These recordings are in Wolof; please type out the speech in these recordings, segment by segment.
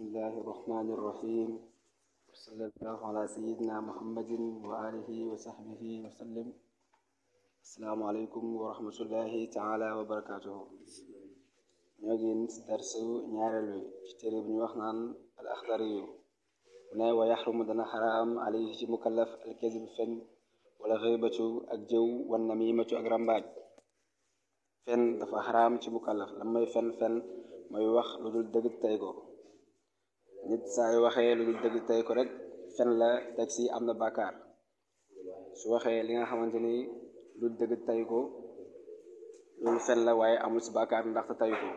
bismillahi irrahmani irrahim wasallallahu ala sayidina wa alihi wa sahbihi wa sallim assalaamu aleykum wa rahmatullahi taala wa barakatuhu ñoo gin darsu ñaareel wi bi ñu wax naan al axdariyu ne wa yaxrumu dana xaraam alayhi ci mukallaf alkazib fen wala xëybatu ak jëw wan namimatu ak rambaaj fen dafa xaraam ci mukallaf lam may fen fen mooy wax lu dul dëgg nit saa yu waxee lu dul dëgg tey ko rek fen la teg si am na bàkkaar su waxee li nga xamante ni lu dul dëgg tey ko loolu fen la waaye amul si bàkkaar ndaxte tey ko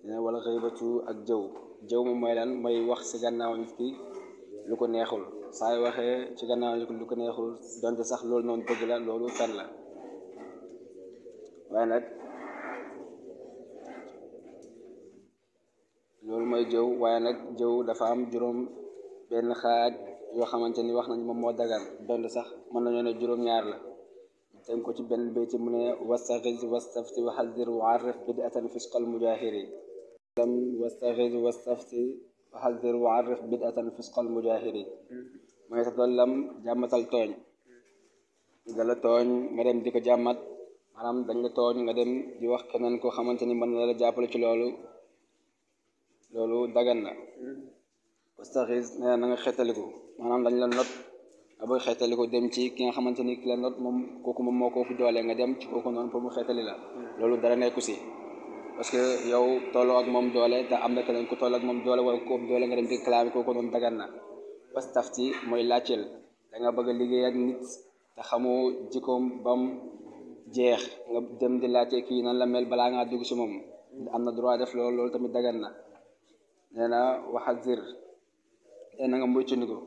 dina wala xëybatu ak jëw jëw moom mooy lan may wax si gannaaw nit ki lu ko neexul saa yu waxee ci gannaaw nit ki lu ko neexul donte sax loolu noonu dëgg la loolu fen la waaye nag loolu mooy jëw waaye nag jëw dafa am juróom benn xaaj yoo xamante ni wax nañ moom moo dagan benn sax mën nañoo ne juróom-ñaar la tënk ko ci benn bayti mu ne wastaxiz wastafti waxazir waarif bidatan fisqal mujahiri lam wastaxiz wastafti waxazir waarif bidatan fisqal mujahiri mu ne sa lam jàmmatal tooñ da la tooñ nga dem di ko jàmmat maanaam dañ la tooñ nga wax keneen koo xamante ni mën na jàppale ci loolu loolu dagan na wastaxiis nee na nga xeetaliku maanaam lañ la not nga bëgg xeetaliku dem ci ki nga xamante ni ki la not moom kooku moom moo ko fu doolee nga dem ci kooku noonu mu xeetali la loolu dara nekku si parce que yow tolloo moom doole te am na keneen ku tolloo ak moom doole wala kooku doole nga dem di clamer kooku noonu dagan na wastafti mooy laajteel da nga bëgg a liggéey ak nit te xamoo jikkoom bam jeex nga dem di laajte kii nan la mel balaa ngaa dugg si moom am na droit def loolu loolu tamit dagan na nee na waxazir nee eh, na nga moytandiku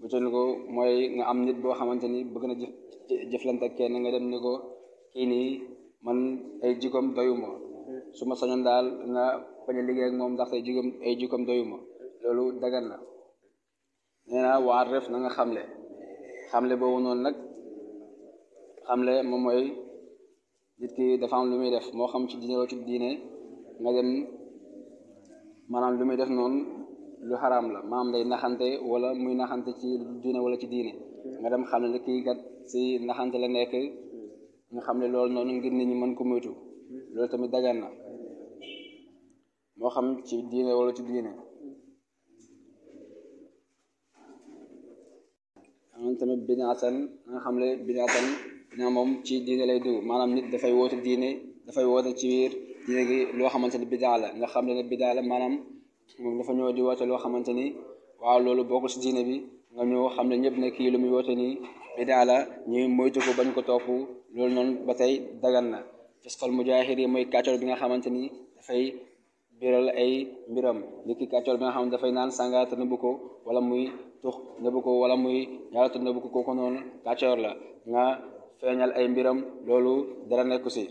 moytandiku mooy nga am nit boo xamante ni bëgg na jëf jëflante kenn nga dem ni ko kii nii man ay jikkoom doyuma su ma sañoon daal na bañ a liggéey moom ndax ay jikkoom ay jikkoom doyuma loolu dagan la nee na waa ref na xamle xamle boobu noonu nag xamle moom mooy nit ki dafa am lu muy def moo xam ci diine wala ci diine nga dem maanaam lu muy def noonu lu xaraam la maam lay naxante wala muy naxante ci diine wala ci diine nga dem xam ne kii kat si naxante la nekk nga xam ne loolu noonu ngir nit ñi mën ko moytu loolu tamit dagan na moo xam ci diine wala ci diine am tamit binaatan nga xam ne binaatan na moom ci diine lay dugg maanaam nit dafay woote diine dafay woote ci wiir léegi loo xamante ni bidaa la nga xam ne bidaa la moom dafa ñëw di woote loo xamante ni waaw loolu bokkul si diine bi nga ñëw xam ne ñëpp ne kii lu muy woote nii bidaa la ñuy moytu ko ko topp loolu noonu ba tey dagan na fisqal mujaahir yi mooy kàccoor bi nga xamante ni dafay biral ay mbiram li ki kàccoor bi nga xam ne dafay naan sàngara te nëbbu ko wala muy tux nëbbu ko wala muy yàlla te nëbbu ko kooku noonu kàccoor la nga feeñal ay mbiram loolu dara nekku si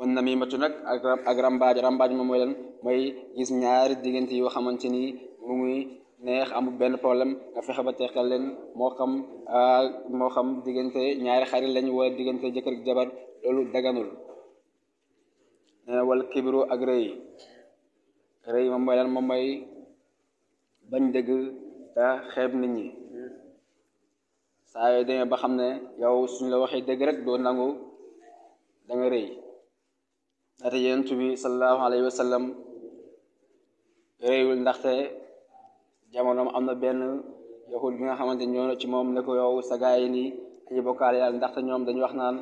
wan namimatu nag ak ak rambaaj rambaaj moom mooy lan mooy gis ñaari diggante yoo xamante ni mu ngi neex amul benn problème nga fexe ba teqal leen moo xam ah, moo xam diggante ñaari xarit lañ wala diggante jëkkër ak jabar loolu daganul nee na wala kibiru ak rëy rëy moom mooy lan moom bañ dëgg te xeeb nit ñi saa yoo demee ba xam ne yow suñu la waxee dëgg rek doo nangu da nga rëy ndaxte yonent bi sallallahu alayhi wa ndaxte jamonoom am na benn yahud bi nga xamante ñoo ci moom ne ko yow sa nii dañuy bokkaale yàlla ndaxte ñoom dañu wax naan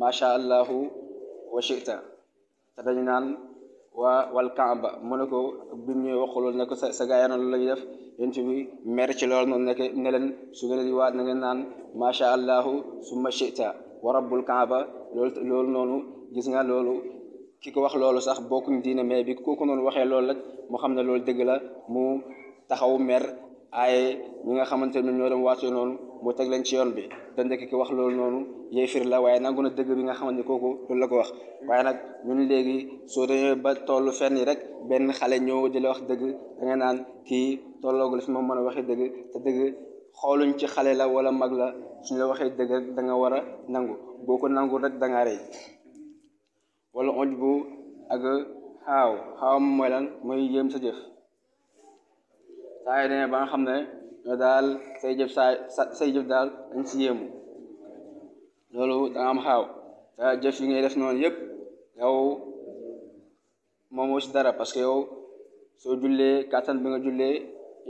macha allahu wa shita te dañ naan waa wal kamba mu ne ko bi ñuy wax loolu ne ko sa sa noonu la def yonent bi mer ci loolu noonu nekk ne leen su ngeen di naan macha allahu summa shita wa rabbul kaaba loolu noonu gis nga loolu ki ko wax loolu sax bokkuñ diine mais bi kooku noonu waxee loolu rek mu xam ne loolu dëgg la mu taxaw mer aaye ñi nga xamante ne ñoo dem waatee noonu mu teg leen ci yoon bi te ndekk ki wax loolu noonu yéefir la waaye nangu na dëgg bi nga xamante ne kooku loolu la ko wax waaye nag ñun léegi soo demee ba toll fenn rek benn xale ñëw di la wax dëgg da naan kii tolloogul su ma mën a waxee dëgg te dëgg xooluñ ci xale la wala mag la suñu la waxee dëgg rek da nga war a nangu boo ko nangu rek da rey wala oj bu ak xaaw xaaw mooy lan mooy yéem sa jëf saa yi demee ba nga xam ne ñoo daal say jëf saa say jëf daal dañ si yéemu loolu da xaaw te jëf yi ngay def noonu yëpp yow dara parce yow soo jullee kàttan bi nga jullee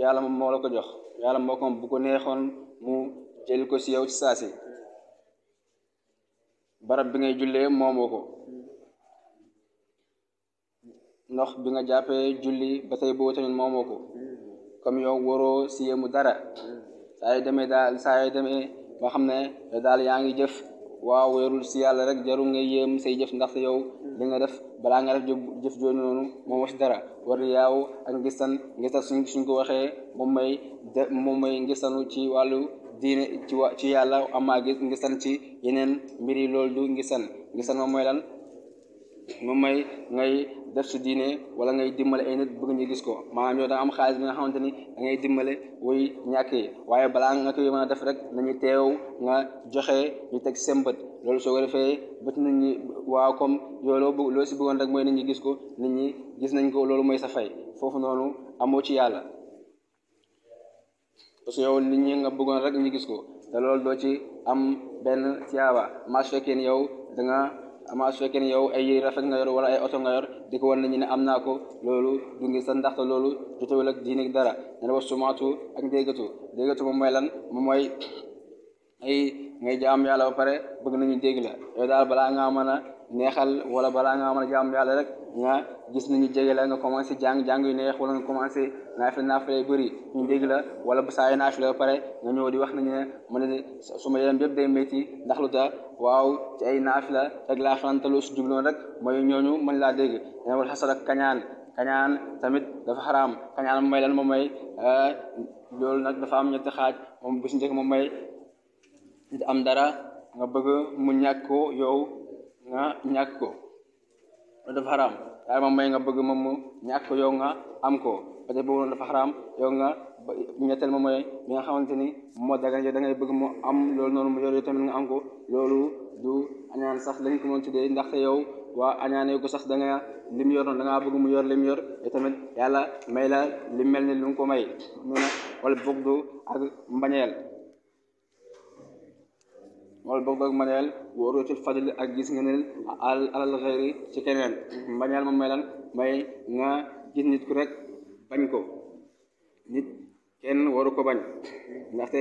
yàlla moom moo la ko jox yàlla moo ko bu neexoon mu jël ko si yow si saa si barab bi ngay jullee moomoo ko ndox bi nga jàppee julli ba tey boobu tamit moomoo ko comme yow waroo si yemu dara saa yu demee daal saa yu demee ba xam ne daal yaa ngi jëf waaw weerul si yàlla rek jarul nga yéem say jëf ndaxte yow li nga def balaa nga def jëf jooju noonu moom wax dara war yaaw ak ngistan ngistan suñ suñ ko waxee moom may moom may ngistanu ci wàllu diine ci wa ci yàlla amaa gis ngistan ci yeneen mbir yi loolu du ngistan ngistan moom mooy lan moom may ngay def si diine wala ngay dimbale ay nit bëgg ñu gis ko maa yow da am xaalis nga xamante ni da ngay dimbale wuy ñàkk yi waaye balaa nga koy a def rek nañu teew nga joxe ñu teg seen bët loolu soo ko defee bët nit ñu waaw comme yow loo loo si bëggoon rek mooy nit ñi gis ko nit ñi gis nañ ko loolu mooy sa fay foofu noonu amoo ci yàlla parce que yow nit ñi nga bëggoon rek ñu gis ko te loolu doo ci am benn tiyaaba maa su fekkee ni yow da amaa su fekkee ne yow ay yére rafet nga yor wala ay oto nga yor di na wan ne am naa ko loolu du ngir sa ndaxte loolu jotewul ak diine dara ne la wa sumaatu ak déggatu déggatu moom mooy lan moom mooy ay ngay jaam yàlla ba pare bëgg nañu dégg la yow daal balaa ngaa neexal wala balaa nga mën a jaamu yàlla rek nga gis nañu jege la nga commencé jàng jàng yu neex wala nga commencé naafila naafila yu ñu dégg la wala bu saa yu naafila ba pare nga ñëw di wax nañu ne man de suma yaram bépp day métti ndax lu tax waaw ci ay naafila rek laa fantaloo si jubloon rek mooy ñooñu man laa dégg wal xasad ak kañaan kañaan tamit dafa xaraam kañaan mooy lan moom mooy ah, loolu nag dafa am ñetti xaaj moom bu si njëkk moom mooy am dara nga bëgg mu ñakko ko yow nga ñàkk ko loolu dafa xaraam yàlla moom may nga bëgg moom mu ñàkk ko yow nga am ko parce que boobu noonu dafa xaraam yow nga ñetteel moom mooy mi nga xamante ni moo dagan da ngay bëgg mu am loolu noonu mu yor yow tamit nga am ko loolu du añaan sax lañ ko mën tuddee ndaxte yow waa añaanee ko sax da nga li mu yor noonu da ngaa bëgg mu yor li yor yow tamit yàlla may la li mel ni lu ko may mu ne wala du ak mbañeel wala boog boog maneel warutul fadl ak gis nga ne alal xëyri ci keneen maneel ma may lan may nga gis nit ku rek bañ ko nit kenn waru ko bañ ndaxte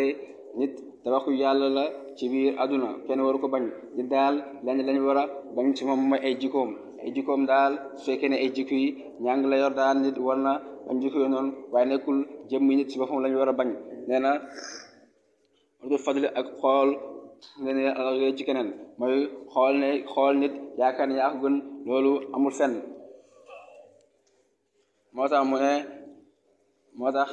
nit tabaxu yàlla la ci biir àdduna kenn waru ko bañ nit daal lañ lañ war a bañ ci moom mooy ay jikkoom ay jikoom daal su fekkee ne ay jikko yi ñàng la daal nit war na bañ jikko yi noonu waaye nekkul jëmmi nit si boppam la ñu war a bañ nee na warutul ak xool nga ne roy ci keneen mooy xool ne xool nit yaakaar ne yaa ko gën loolu amul fen moo tax mu ne moo tax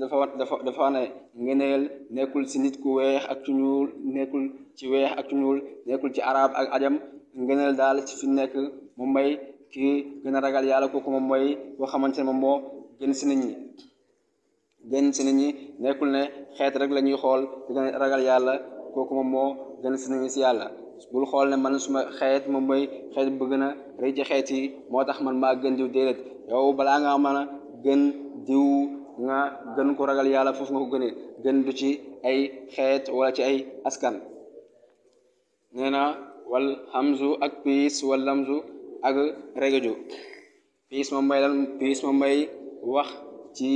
dafa dafa dafa ne ngëneel nekkul si nit ku weex ak ci ñuul nekkul ci weex ak ñuul nekkul ci arab ak ajam ngëneel daal ci fi nekk mu may kii gën a ragal yàlla kooku moom mooy koo xamante ne moom moo gën si nit ñi gën ci ñi nekkul ne xeet rek lañuy ñuy xool gën a ragal yàlla kooku moom moo gën a sinawi si yàlla bul xool ne man suma xeet moom mooy xeet bu gën a rëy ci xeeti moo tax man maa gën diw déedéet yow balaa nga mën a gën diw nga gën ko ragal yàlla foofu nga ko gënee gën du ci ay xeet walla ci ay askan nee na wal hamzu ak piis wal lamzu ak regeju piis moom mooy lan piis moom mooy wax ci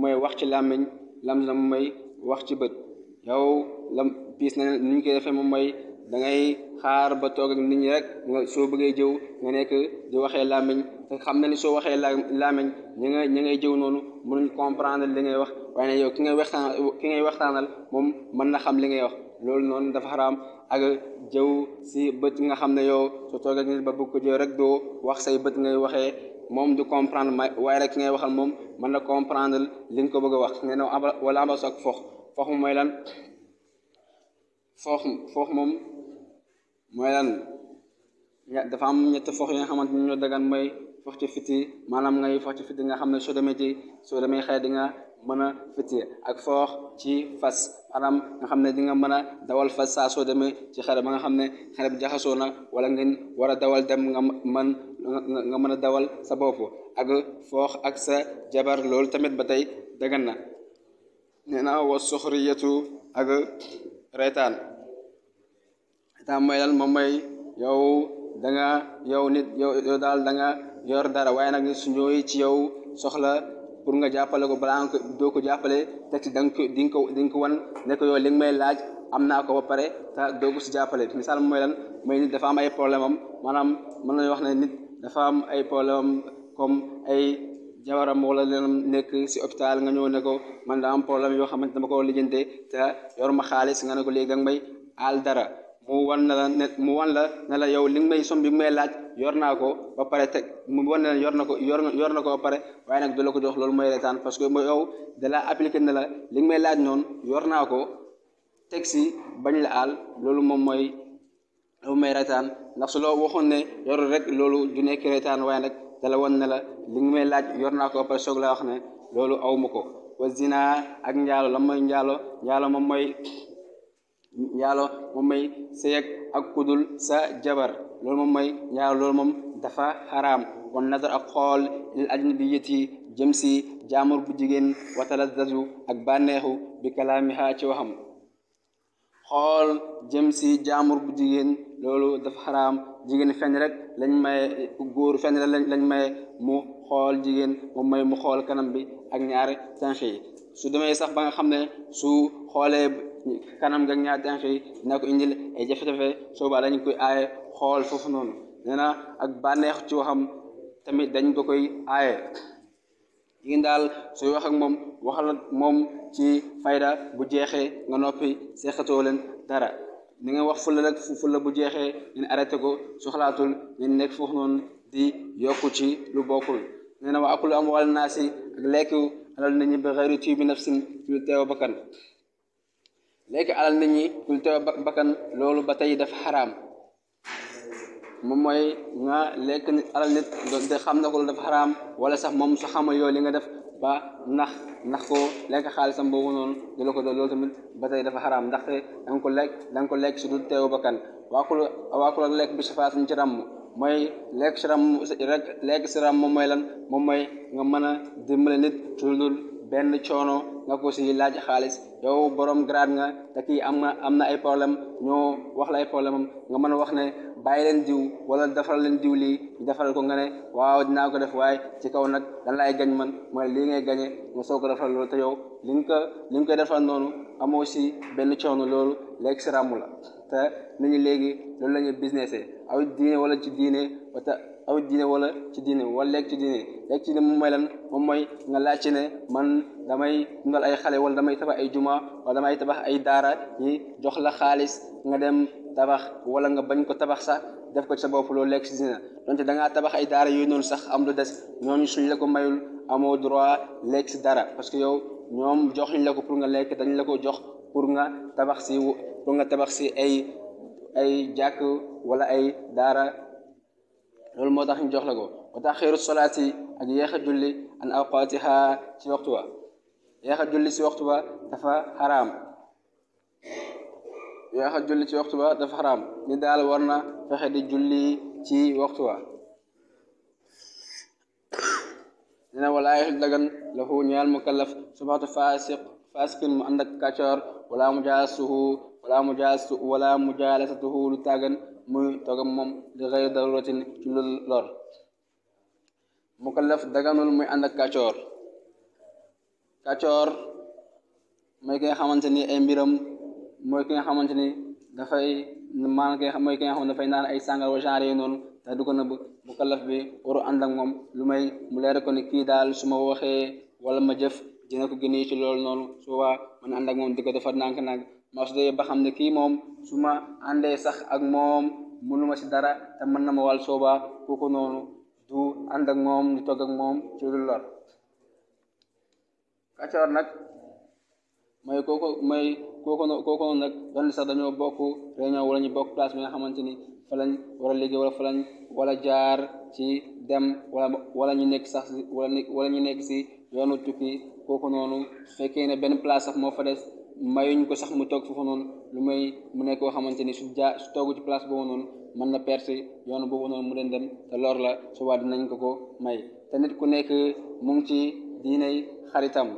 mooy wax ci làmmiñ lamzu moom mooy wax ci bët yow lam piis na ni ñu koy defee moom mooy da ngay xaar ba toog ak nit ñi rek soo bëggee jëw nga nekk di waxee làmmiñ te xam na ni soo waxee làmmiñ ñi nga ñi ngay jëw noonu mun mënuñ comprendre li ngay wax waaye yow ki ngay waxtaan ki ngay waxtaanal moom mën na xam li ngay wax loolu noonu dafa xaraam ak jëw si bët nga xam ne yow soo toog ak nit ba bëgg ko jëw rek doo wax say bët ngay waxee moom du comprendre ma waaye rek ki ngay waxal moom mën na comprendre li nga ko bëgg wax nee na wala abas ak fox fox mooy lan foox foox moom mooy lan dafa am ñett foox yi nga xamante ni ñoo dagan mooy foox ci fiti maanaam ngay foox ci fiti nga xam ne soo demee ci soo demee xëy di nga mën a fiti ak foox ci fas maanaam nga xam ne di mën dawal fas saa soo ci xare ba nga xam ne xare bi jaxasoo na wala ngeen war a dawal dem nga mën nga mën a dawal sa bopp ak foox ak sa jabar loolu tamit ba tey dagan na nee naa wa soxriyatu ak reetaan reetaan mooy lan moom mooy yow da nit yow daal danga nga yor dara waaye nag nit su ñëwee ci yow soxla pour nga jàppale ko balaa nga ko doo ko jàppale teg ci ko di nga ko di nga ko wan ne ko yow li may laaj am naa ko ba pare ta doo ko si jàppale misaal mooy lan mooy nit dafa am ay problème am maanaam mën nañu wax ne nit dafaam am ay problème am ay jabaram wala lenam nekk si hôpital nga ñëw ne ko man daa am problème yoo xamante dama ko lijjante te yor ma xaalis nga ne ko léegi danga may aal dara mu wan na la ne mu wan la ne yow li nga may som bi may laaj yor naa ko ba pare teg mu wan na yor na ko yor yor na ko pare waaye nag du la ko jox loolu mooy reetaan parce que mooy yow da laa appliqué ne la li nga may laaj noonu yor naa ko teg si bañ la aal loolu moom mooy loolu may reetaan ndax su loo waxoon ne yor rek loolu du nekk reetaan waaye nag te la woon ne la li nga may laaj yor naa ko ba soog la wax ne aw ma ko wa naa ak njaalo la mooy njaalo njaalo moom mooy njaalo moom mooy sëy ak kudul sa jabar loolu moom mooy njaalo loolu moom dafa xaraam wan nazar ak xool lil ajnabiyati jëm si jaamur bu jigéen watalazazu ak bànneexu bi kalaamiha ci waxam xool jëm si bu jigéen loolu dafa xaraam jigéen feñ rek lañ maye góor feñ rek lañ maye mu xool jigéen mu may mu xool kanam bi ak ñaari tenche yi su demee sax ba nga xam ne su xoolee kanam nga ñaar tenche yi dina ko indil ay jafe-jafe soobaa dañ koy aaye xool foofu noonu nee na ak bànneex ci waxam tamit dañ ko koy aaye jigéen daal sooy wax moom waxal moom ci fayda bu jeexee nga noppi seexatoo leen dara ni nga wax fulla rek fulla bu jeexee ngeen arrêté ko soxlaatul ngeen nekk foofu noonu di yokku ci lu bokkul nee na wa akulu amwaal naasi ak lekk alal nit ñi bi xayri ci bi nafsin lu teew bakkan lekk alal nit ñi lu teew bakkan loolu ba tey dafa xaraam moom mooy nga lekk alal nit doonte xam na ko lu dafa xaraam wala sax moom su xama yoo li nga def ba ndax ndax ko lekk xaalisam boobu noonu di la ko doon loolu tamit ba tey dafa xaraam ndax da nga ko lekk da ko lekk si du teewu bakkan waa waakul ak lekk bi si faatuñ ci ràmm mooy lekk si ràmm rek lekk si moom mooy lan moo mooy nga mën a dimbale nit ci lu benn coono nga ko si laaj xaalis yow boroom grade nga te kii am nga am na ay problème ñoo wax la ay problème nga man a wax ne bàyyi leen diw wala defaral leen diw lii ñu ko nga ne waaw dinaa ko def waaye ci kaw nag dan laay gañ man mooy lii ngay gañe nga soo ko defaral loolu te yow li nga ko li nga koy defal noonu amoo si benn coono loolu léegi si ràmm la te nit ñi léegi loolu la ñuy aw diine wala ci diine wata aw diine wala ci diine wala lekk ci diine lekk ci diine moom mooy lan moom mooy nga ci ne man damay dundal ay xale wala damay tabax ay juma wala damay tabax ay daara yi jox la xaalis nga dem tabax wala nga bañ ko tabax sax def ko ci sa bopp loolu lekk si diine donte da ngaa tabax ay daara yooyu noonu sax am lu des ñooñu suñ la ko mayul amoo droit lekk si dara parce que yow ñoom joxuñ la ko pour nga lekk dañ la ko jox pour nga tabax si pour nga tabax si ay ay jàkk wala ay daara loolu moo tax ñu jox la ko wa taxiru solaati ak yéex a julli an awqaatiha ci waxtu wa julli ci waxtu ba dafa xaraam ci waxtu ba dafa ni daal war na fexe di julli ci waxtuwa wa dina walaayi dagan lahu ñaal mukallaf subaxtu faasiq faasiqin mu ànd ak kàccoor wala mujaasuhu mujaalasatuhu lu tàggan muy toog ak moom li xëy lool ci lu lor mukallaf daganul muy ànd ak kàccoor kàccoor mooy ki nga xamante ni ay mbiram mooy ki nga xamante ni dafay maan ki nga mooy ki nga dafay naan ay sàngar wa genre noonu te du ko nëbb mukallaf bi waru ànd ak moom lu may mu leer ko ni kii daal su ma waxee wala ma jëf dina ko génnee ci loolu noonu su boobaa mën ànd ak moom di ko defar nànk-nànk ma su dee ba xam ne kii moom su ma àndee sax ak moom mënu ma si dara te mën na ma wàll sooba kooku noonu du ànd ak moom di togg ak moom ci lu lor kaccoor nag mooy kooku may kooku noonu kooku noonu sax dañoo bokk réunion wala ñu bokk place bi nga xamante ni fa lañ war a liggéey wala fa lañ wala jaar ci dem wala wala ñu nekk sax wala wala ñu nekk si yoonu tukki kooku noonu su fekkee ne benn place sax moo fa des mayuñ ko sax mu toog foofu noonu lu may mu nekk koo xamante ni su jaa su toogu ci place boobu noonu mën na percé yoon boobu noonu mu den dem te loor la suba dinañ ko ko may te nit ku nekk mu ngi ci diinay xaritam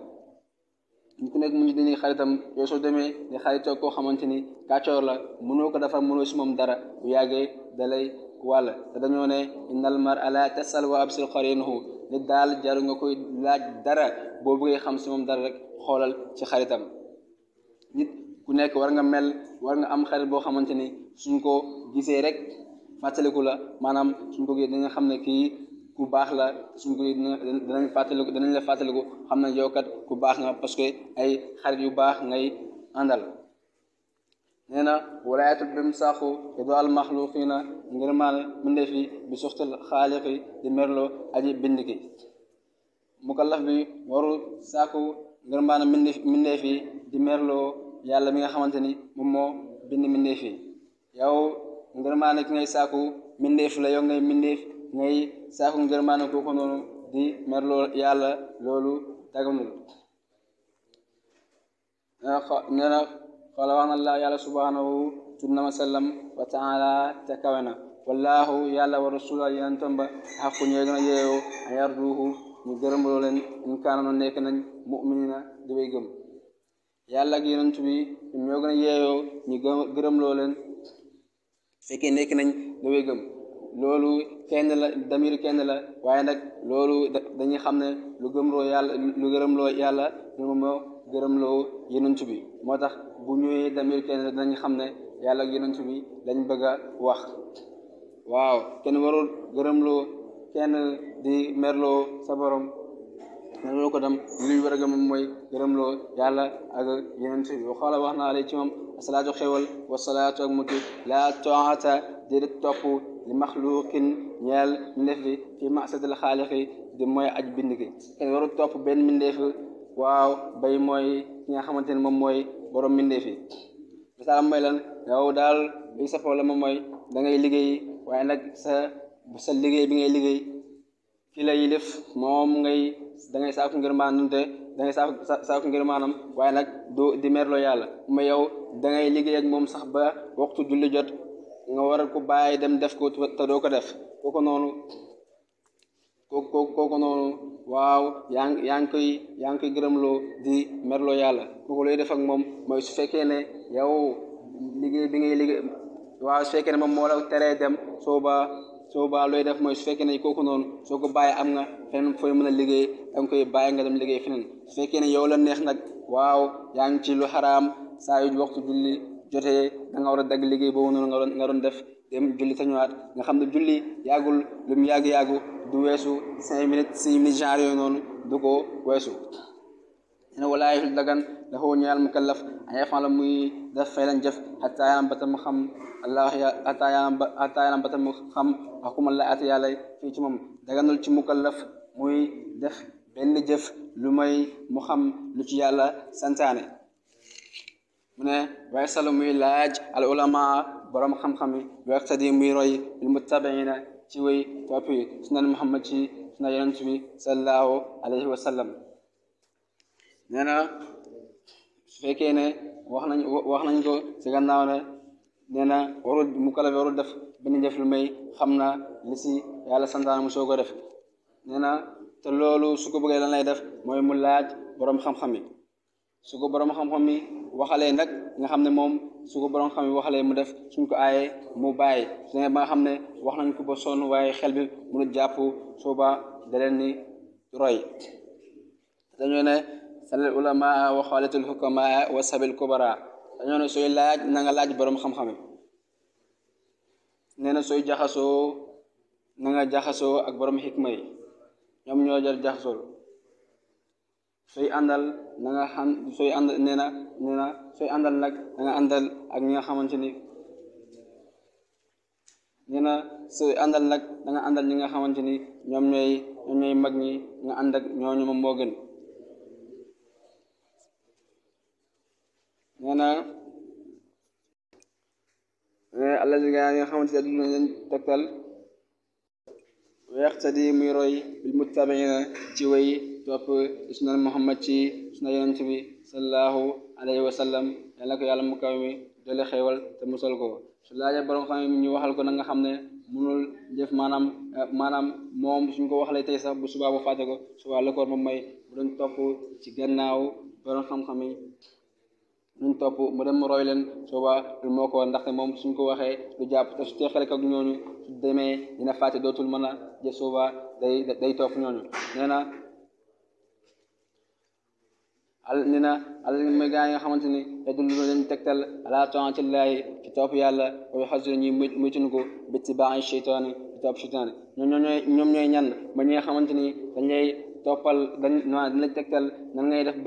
nit ku nekk mu ngi ci diinay xaritam yow soo demee di xaritoo koo xamante ni kàccoor la mënoo ko defar mënoo si moom dara u yàggee dalay wàll te dañoo ne innal mar ala tasal wa absil qarinahu nit daal jaru nga koy laaj dara boo xam si moom dara rek xoolal ci xaritam ku nekk war nga mel war nga am xarit boo xamante ni suñ ko gisee rek fàttaliku la maanaam suñ ko gisee dinañ xam ne kii ku baax la suñ ko dinañ fàttaliku danañ la fàttaliku xam ne yow kat ku baax nga parce que ay xarit yu baax ngay àndal nee na walaayatul bim saaxu idaal maxluqiina ngir maane mbindeef yi bi suxtal xaaliqi di merloo aji bind ki mukallaf bi warul saaku ngir maane mbindeef di merloo yàlla mi nga xamante ni moom moo bind mbindeef yi yow ngërmaane ki ngay saaku mbindeef la yow ngay mbindeef ngay saaku ngërmaane kooku di mer loolu yàlla loolu daganul ah, nee na xoola yàlla subhanahu tudnama sallam wa taala te kawe wallahu yàlla wa rasula yenentam ba xaqu ñooy gën a yeeyoo a yarduuhu ñu gërëm loo leen in kaana nañ muminina di way yàlla ak yonent bi ñoom ñoo gën a yeeyoo ñu gë gërëmloo leen fekkee nekk nañ da gëm loolu kenn la damir kenn la waaye nag loolu dañuy xam ne lu gëmloo yàlla lu gërëmloo yàlla moom moo gërëmloo yonent bi moo tax bu ñëwee damir kenn la dañu xam ne yàlla ak yonent bi dañ bëgg a wax waaw kenn warul gërëmloo kenn di merloo sa borom loolu ko tam luy war a gëm mooy gërëmloo yàlla ak yeneen fi waxoola wax naa lay ci moom asalaatu xewal wasalaatu ak mutu laa toata déedéet topp li maxluqin ñeel ndef bi fi masatil xaaliqi di mooy aj bind ki kenn waru topp benn mbindeef waaw bay mooy ki nga xamante ne moom mooy borom mbindeef yi misaal mooy lan yow daal li sa problème moom mooy da ngay liggéey waaye nag sa sa liggéey bi ngay liggéey ki la yilif moom ngay da ngay saaku ngir maanante da ngay saaku saaku ngir maanam waaye nag doo di merloo yàlla ma yow da ngay liggéey moom sax ba waxtu julli jot nga war ko bàyyi dem def ko te doo ko def kooku noonu kooku kooku noonu waaw yaa ngi yaa ngi koy yaa gërëmloo di merloo yàlla kooku looy def ak moom mooy su fekkee ne yow bi ngay liggéey waaw su fekkee ne moom moo teree dem soo soo baa looy def mooy su fekkee ne kooku noonu soo ko bàyyi am nga feneen fooy mën a liggéey da nga koy bàyyi nga dem liggéey feneen su fekkee ne yow la neex nag waaw yaa ngi ci lu xaraam saa yu waxtu julli jotee na nga war a dagg liggéey boobu noonu nga doon nga doon def dem julli te ñëwaat nga xam ne julli yàggul lu mu yàgg-yàggu du weesu cinq minutes six minutes genre yooyu noonu du ko weesu neen walaa dagan la xoo ñeel mukallaf an muy def faylan jëf xataa yalam batam mu xam allah xataa yalam xataa yalam batam mu xam xukuma la yàlla fii ci moom daganul ci mukallaf muy def benn jëf lu may mu xam lu ci yàlla santaane mu ne waaye salu muy laaj al ulama borom xam-xam yi waqtadi muy roy bil muttabiina ci way topp yi sunan muhammad ci suna yonent bi sallallahu alayhi wa nee na su fekkee ne wax nañ wax nañ ko si naaw ne nee na warul mu kalafe warul def benn jëf lu may xam na li si yàlla santaane mu soo ko def nee na te loolu su ko bëggee lan lay def mooy mu laaj boroom xam-xam yi su ko borom xam-xam yi waxalee nag nga xam ne moom su ko borom xam yi waxalee mu def suñ ko aayee mu bàyyi su ne ba nga xam ne wax nañ ko ba sonn waaye xel bi mënut jàpp sooba ba da leen ni ne salal ulamaa wa xaalatil hukamaa wa sabil kubara dañoo ne sooy laaj na laaj boroom xam-xam yi nee na sooy jaxasoo na nga jaxasoo ak borom xikma yi ñoom ñoo jar jaxasoo sooy àndal nga xam ànd nee na nee na sooy àndal nag na nga àndal ak ñi nga xamante ni nee na àndal nag da àndal ñi nga xamante ni ñoom ñooy mag ñi nga ànd ak ñooñu nee na allazi gaa yi nga xamante ne dañ tegtal wextadi muy roy bil muttabiina ci way topp sunan muhammad ci suna yonent bi sallallahu alayhi wa sallam yàlla ko yàlla mu kaw mi doole xéewal te musal ko su laajee borom xam ñu waxal ko na nga xam ne mënul jëf maanaam maanaam moom suñ ko waxalee tey sax bu subaa bu fàtte ko subaa la ko moom may bu doon topp ci gannaaw borom xam-xam yi luñ topp mu dem roy leen soobaa lu ndaxte moom suñ ko waxee du jàpp te su teexale ak ñooñu demee dina fàtte dootul mën a je soobaa day day topp ñooñu nee na al nee al ma gaa yi nga xamante ni yadullu leen tegtal ala taatillahi ci topp yàlla wa xasira ñuy muytun ko bitti baaxi cheytaani ci topp cheytaani ñoom ñooy ñoom ñooy ñan xamante ni dañ lay toppal dañ dañ lay tegtal nan ngay def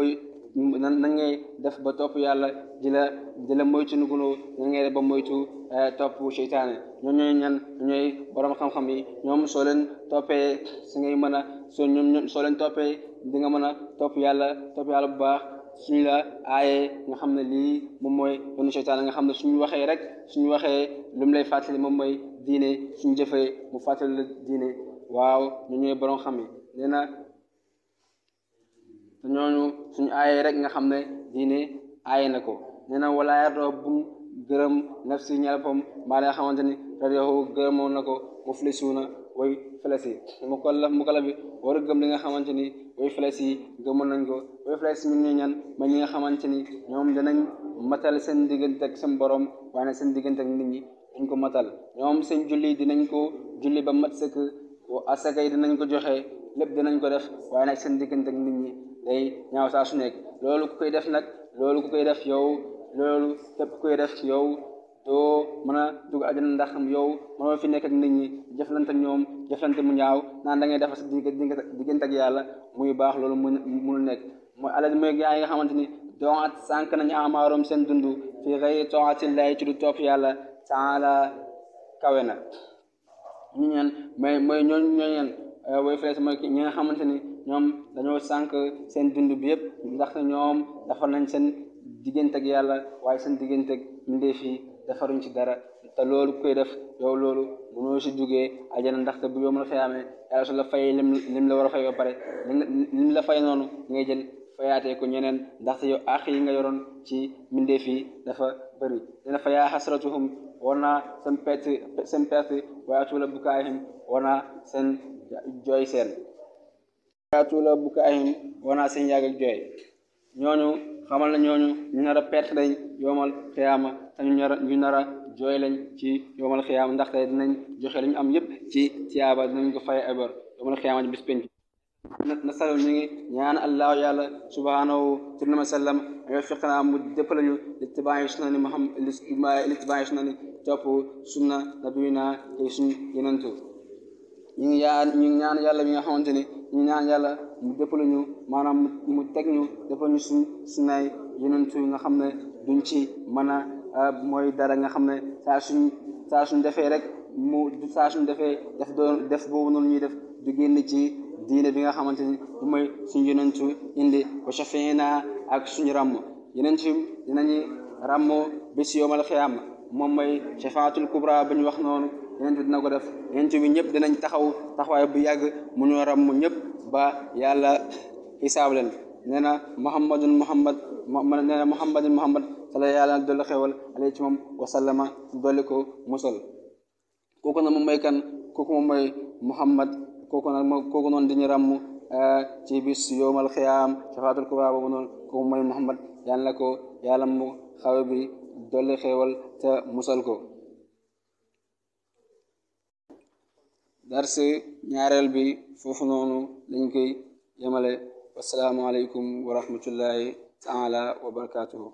nan nan ngay def ba topp yàlla jila la di nu moytu nuguloo nan ngay def ba moytu eh, topp seytaane ñoom ñooy ñan ñooy borom xam-xam yi ñoom soo leen toppee si ngay mën a soo ñoom soo leen toppee di nga mën a topp yàlla topp yàlla bu baax suñu la aayee nga xam ne lii moom mooy yoonu seytaane nga xam ne suñu waxee rek suñu waxee lu mu lay fàttali moom mooy diine suñu jëfee mu fàttali la diine waaw ñu ñooy borom xam yi te ñooñu suñu aayee rek nga xam ne diine aaye na ko nee na wala yardoo bum gërëm nafsi ñalpam mbaa nga xamante ni radiohu gërëmoon na ko muflisuuna way felesi mu kallaf mu kallaf bi war gëm li nga xamante ni way feles yi gëmoon nañ ko way feles ñan ma ñi nga xamante ni ñoom danañ matal seen diggante ak seen borom waaye seen diggante nit ñi dañ ko matal ñoom seen julli dinañ ko julli ba mat sëkk asaka yi dinañ ko joxe lépp dinañ ko def waaye nag seen diggante nit ñi day ñaaw saa su nekk loolu ku koy def nag loolu ku koy def yow loolu képp ku koy def yow doo mën a dugg àjjana ndax yow mënoo fi nekk ak nit ñi jëflante ak ñoom jëflante mu ñaaw naan da ngay defar sa diggante ak yàlla muy baax loolu mu mu nekk mooy alal mooy gaa yi nga xamante ni don at sànq nañu amaaroom seen dund fi xëy tooxatin lay ci du topp yàlla taala na uh, nga xamante ñoom dañoo sànq seen dund bi yëpp ndaxte ñoom defar nañ seen diggante ak yàlla waaye seen diggante ak mbindeef yi defaruñ ci dara te loolu koy def yow loolu mënoo si jugee ajana ndaxte bu yow mën a fay la fayee lim lim ba pare lim la fay noonu ngay jël fayaatee ko ñeneen ndaxte yow àq yi nga yoroon ci mbindeef yi dafa bëri dina fa yaa xasratuhum war naa seen perte seen perte waaye tuula bukaayihim war seen jooy seen kaatula bukka ayum wanaa seen yàgg ak jooy ñooñu xamal na ñooñu ñu nar a perte lañ yoomal xiyaama te ñu nar jooy lañ ci yoomal xiyaama ndaxte dinañ joxe li am yépp ci tiyaaba dinañ ko fay abor yoomal xiyaama ci bis penc na salul ñu ngi ñaan allahu yàlla subhanahu turnama sallam ayo fiqnaa mu dëpp lañu litibaayi sunna ni muhammad litibaayi sunna ni topp sunna nabiyina tey suñ yenentu ñu ñaan yàlla mi nga xamante ni ñu ñaan yàlla mu dëppale ñu maanaam mu teg ñu defal ñu suñ sunay yenentu nga xam ne duñ ci mën a mooy dara nga xam ne saa suñ saa suñ defee rek mu saa suñ defee def doon def boobu noonu ñuy def du génn ci diine bi nga xamante ni bu may suñ yenentu indi ba chafee naa ak suñu ràmm yeneen ci dinañu ràmmoo bis yoomal xiyaam moom mooy chafaatul kubra ba ñu wax noonu yonent bi dina ko def yonent bi ñëpp dinañ taxaw taxawaay bu yàgg mu ñoo ràmm ñëpp ba yàlla isaab leen nee na muhammadun muhammad nee na muhammadun muhammad sala yàlla dolli xewal alay ci moom wasallama dolli ko musal kooku nag moom mooy kan kooku moom mooy muhammad kooku nag moom kooku noonu diñu ràmm eh, ci bis yowmal xiyaam safaatul kubra boobu noonu kooku mooy muhammad yàlla ko yàlla mu xawe bi dolli xewal te musal ko darse ñaareel bi foofu noonu lañ koy yemale wasalaamualeykum wa rahmatullahi taala wa barakaatuhu